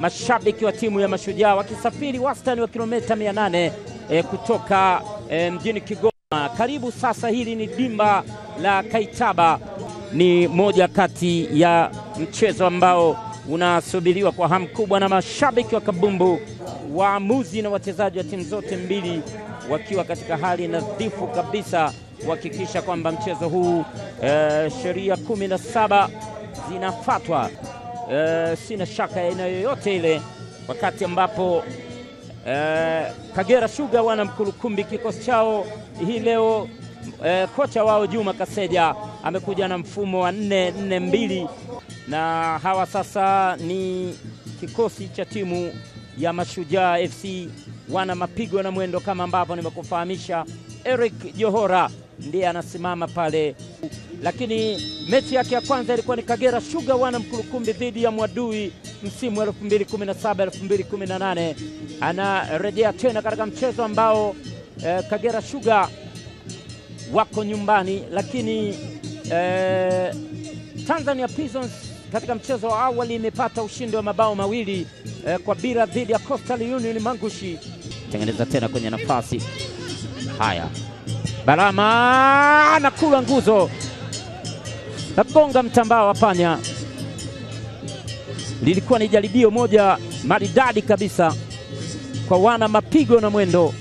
mashabiki wa timu ya Mashujaa wakisafiri wastani wa kilomita 800 e, eh, kutoka e, mjini Kigoma. Karibu sasa, hili ni dimba la Kaitaba, ni moja kati ya mchezo ambao unasubiriwa kwa hamu kubwa na mashabiki wa kabumbu, waamuzi na wachezaji wa timu zote mbili wakiwa katika hali nadhifu kabisa kuhakikisha kwamba mchezo huu e, sheria kumi na saba zinafatwa. Eh, sina shaka aina yoyote ile, wakati ambapo e, Kagera Sugar wana mkulukumbi kikosi chao hii leo e, kocha wao Juma Kaseja amekuja na mfumo wa nne nne mbili, na hawa sasa ni kikosi cha timu ya Mashujaa FC wana mapigo na mwendo kama ambavyo nimekufahamisha. Eric Johora ndiye anasimama pale, lakini mechi yake ya kwanza ilikuwa ni Kagera Sugar wana Mkulukumbi dhidi ya Mwadui msimu 2017 2018. Anarejea tena katika mchezo ambao eh, Kagera Sugar wako nyumbani, lakini eh, Tanzania Prisons katika mchezo wa awali imepata ushindi wa mabao mawili eh, kwa bila dhidi ya Coastal Union Mangushi. Tengeneza tena kwenye nafasi haya Balama anakulwa nguzo na kugonga mtambao wa panya. Lilikuwa ni jaribio moja maridadi kabisa kwa wana mapigo na mwendo,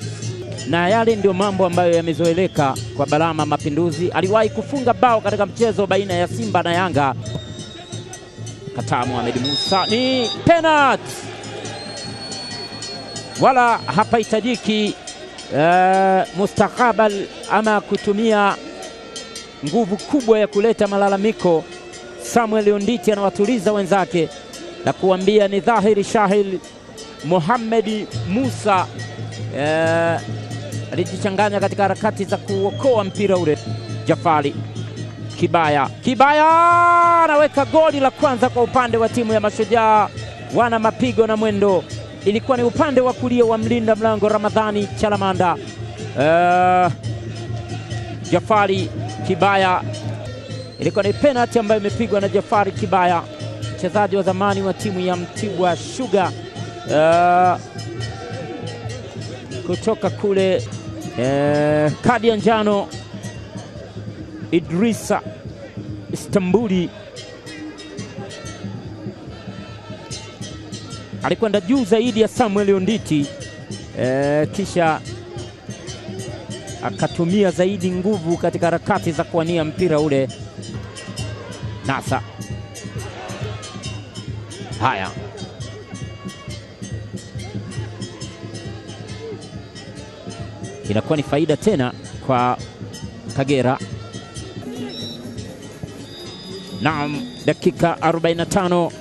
na yale ndio mambo ambayo yamezoeleka kwa Balama Mapinduzi. Aliwahi kufunga bao katika mchezo baina ya Simba na Yanga. Kataa Mohamed Musa, ni penalti, wala hapahitajiki Eh, mustakabali ama kutumia nguvu kubwa ya kuleta malalamiko. Samuel Onditi anawatuliza wenzake na kuambia ni dhahiri shahiri Mohamed Musa eh, alijichanganya katika harakati za kuokoa mpira ule. Jafari Kibaya, Kibaya anaweka goli la kwanza kwa upande wa timu ya Mashujaa. Wana mapigo na mwendo ilikuwa ni upande wa kulia wa mlinda mlango Ramadhani Chalamanda. Uh, Jafari Kibaya, ilikuwa ni penalti ambayo imepigwa na Jafari Kibaya, mchezaji wa zamani wa timu ya Mtibwa Sugar uh, kutoka kule uh, kadi ya njano Idrisa Istambuli. alikwenda juu zaidi ya Samuel Onditi e, kisha akatumia zaidi nguvu katika harakati za kuwania mpira ule. Nasa haya inakuwa ni faida tena kwa Kagera. Naam, dakika 45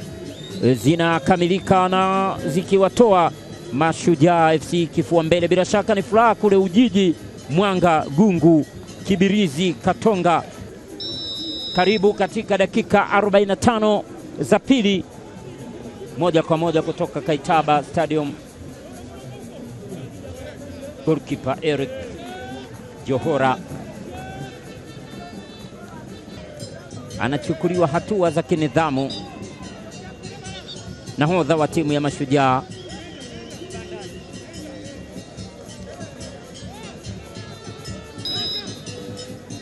zinakamilika na zikiwatoa Mashujaa FC kifua mbele. Bila shaka ni furaha kule Ujiji, Mwanga, Gungu, Kibirizi, Katonga. Karibu katika dakika 45 za pili, moja kwa moja kutoka Kaitaba Stadium. Golkipa Eric Johora anachukuliwa hatua za kinidhamu nahodha wa timu ya Mashujaa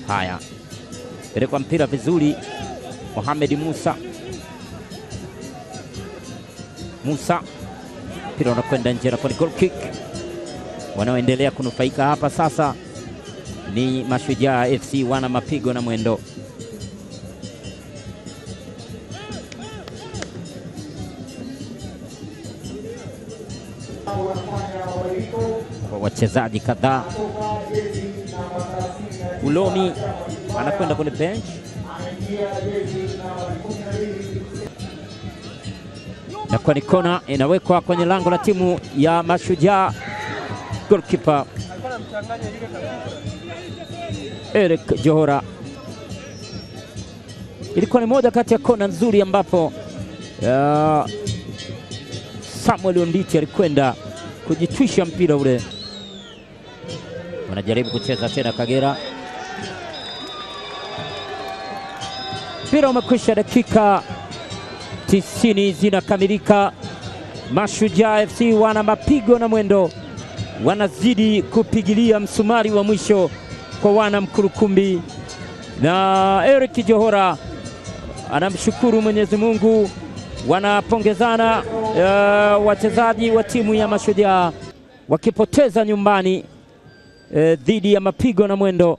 Haya, pelekwa mpira vizuri. Mohamed Musa, Musa, mpira unakwenda nje, nakuwa ni goal kick. Wanaoendelea kunufaika hapa sasa ni Mashujaa FC, wana mapigo na mwendo kwa wachezaji kadhaa. Ulomi anakwenda kwenye bench na kwa ni kona inawekwa kwenye lango la timu ya Mashujaa. Goalkeeper Eric Johora, ilikuwa ni moja kati ya kona nzuri ambapo uh, Samuel Onditi alikwenda kujitwisha mpira ule wanajaribu kucheza tena Kagera, mpira umekwisha, dakika tisini zinakamilika. Mashujaa FC wana mapigo na mwendo, wanazidi kupigilia msumari wa mwisho kwa wana Mkurukumbi, na Eric Johora anamshukuru Mwenyezi Mungu, wanapongezana uh, wachezaji wa timu ya Mashujaa wakipoteza nyumbani. Eh, dhidi ya mapigo na mwendo